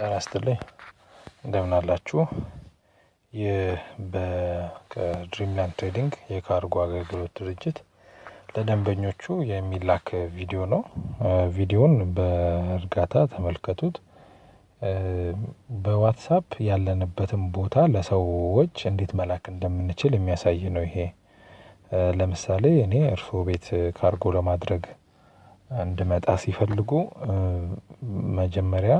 ጤና ይስጥልኝ እንደምን አላችሁ ከድሪምላንድ ትሬዲንግ የካርጎ አገልግሎት ድርጅት ለደንበኞቹ የሚላክ ቪዲዮ ነው ቪዲዮውን በእርጋታ ተመልከቱት። በዋትሳፕ ያለንበትን ቦታ ለሰዎች እንዴት መላክ እንደምንችል የሚያሳይ ነው ይሄ። ለምሳሌ እኔ እርስዎ ቤት ካርጎ ለማድረግ እንድመጣ ሲፈልጉ መጀመሪያ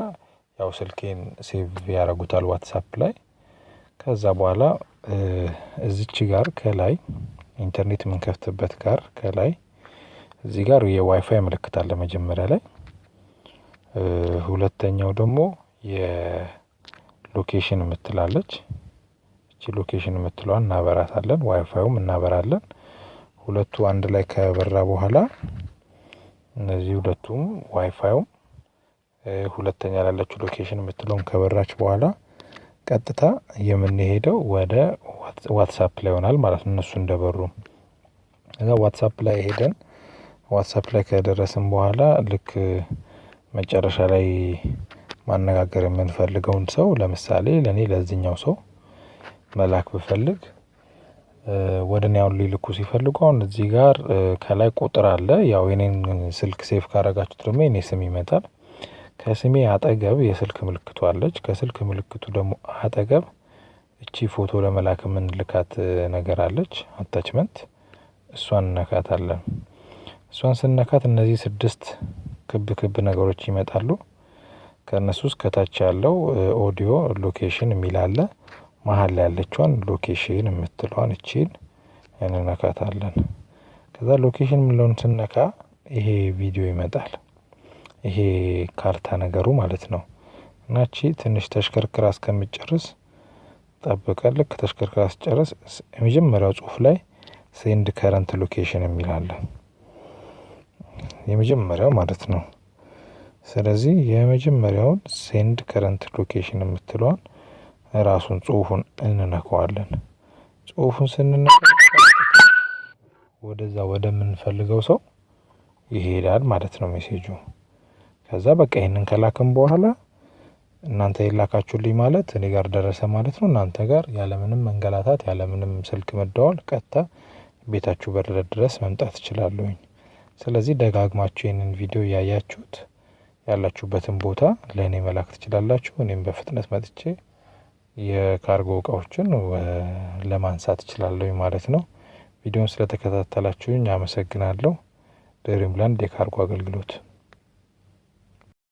ያው ስልኬን ሴቭ ያደረጉታል ዋትሳፕ ላይ ከዛ በኋላ እዚች ጋር ከላይ ኢንተርኔት የምንከፍትበት ጋር ከላይ እዚህ ጋር የዋይፋይ ምልክት አለ መጀመሪያ ላይ ሁለተኛው ደግሞ የሎኬሽን የምትላለች እቺ ሎኬሽን የምትለዋን እናበራታለን ዋይፋዩም እናበራለን ሁለቱ አንድ ላይ ከበራ በኋላ እነዚህ ሁለቱም ዋይፋዩም ሁለተኛ ላለችው ሎኬሽን የምትለውን ከበራች በኋላ ቀጥታ የምንሄደው ወደ ዋትሳፕ ላይ ይሆናል ማለት ነው። እነሱ እንደበሩ እዛ ዋትሳፕ ላይ ሄደን ዋትሳፕ ላይ ከደረስን በኋላ ልክ መጨረሻ ላይ ማነጋገር የምንፈልገውን ሰው ለምሳሌ ለኔ ለዚህኛው ሰው መላክ ብፈልግ ወደ እኔ አሁን ሊልኩ ሲፈልጉ አሁን እዚህ ጋር ከላይ ቁጥር አለ። ያው የኔን ስልክ ሴፍ ካረጋችሁት ደግሞ የኔ ስም ይመጣል ከስሜ አጠገብ የስልክ ምልክቱ አለች ከስልክ ምልክቱ ደግሞ አጠገብ እቺ ፎቶ ለመላክ የምንልካት ነገር አለች አታችመንት እሷን እነካታለን። እሷን ስነካት እነዚህ ስድስት ክብ ክብ ነገሮች ይመጣሉ። ከእነሱ ውስጥ ከታች ያለው ኦዲዮ ሎኬሽን የሚል አለ። መሃል ያለችዋን ሎኬሽን የምትለዋን እቺን እንነካታለን። ከዛ ሎኬሽን የምለውን ስነካ ይሄ ቪዲዮ ይመጣል ይሄ ካርታ ነገሩ ማለት ነው። እና እቺ ትንሽ ተሽከርክራ እስከምትጨርስ ጠብቀን ልክ ተሽከርክራ የመጀመሪያው ጽሁፍ ላይ ሴንድ ከረንት ሎኬሽን የሚላለ የመጀመሪያው ማለት ነው። ስለዚህ የመጀመሪያውን ሴንድ ከረንት ሎኬሽን የምትለዋን ራሱን ጽሁፉን እንነካዋለን። ጽሁፉን ስንነካ ወደዛ ወደምንፈልገው ሰው ይሄዳል ማለት ነው ሜሴጁ ከዛ በቃ ይህንን ከላክን በኋላ እናንተ የላካችሁልኝ ማለት እኔ ጋር ደረሰ ማለት ነው። እናንተ ጋር ያለምንም መንገላታት ያለምንም ስልክ መደዋል ቀጥታ ቤታችሁ በር ድረስ መምጣት እችላለሁኝ። ስለዚህ ደጋግማችሁ ይህንን ቪዲዮ እያያችሁት ያላችሁበትን ቦታ ለእኔ መላክ ትችላላችሁ። እኔም በፍጥነት መጥቼ የካርጎ እቃዎችን ለማንሳት እችላለሁኝ ማለት ነው። ቪዲዮውን ስለተከታተላችሁኝ አመሰግናለሁ። ድሪምላንድ የካርጎ አገልግሎት